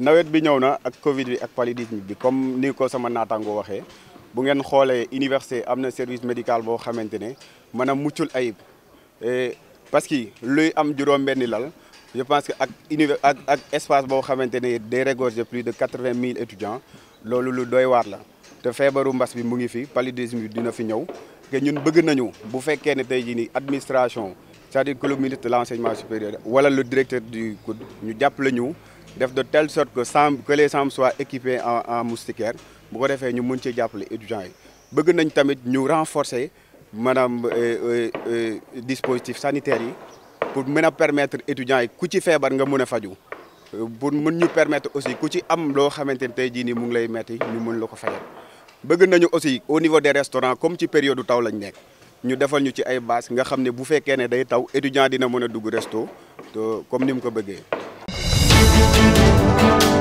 nawet bi ñëw na ak Covid bi ak paludisme bi comme ni ko sama natango waxee bu ngeen xolé université amna service médical bo xamantene manam muccul ayib parce que luy am juróom-benni lal je pense que ak univers ak ak espace bo xamantene ne day plus de 80 000 étudiants loolu lu doy war la te feebaru mbass bi mu ngi fi paludisme dina fi ñëw te ñun bëgg nañu bu fekkee né tay ji ni administration c'est-à-dire que le ministre de l'enseignement supérieur wala le directeur du COUD ñu jàppale ñu de telle sorte que les camps soient équipés en en moustiquaire bu étudiants renforcer euh, euh, euh, dispositif sanitaire pour permettre permettre étudiants de faire des choses. pour permettre aussi de ci am choses aussi au niveau des restaurants comme la période taw lañ nous ñu nous ñu ci ay comme Música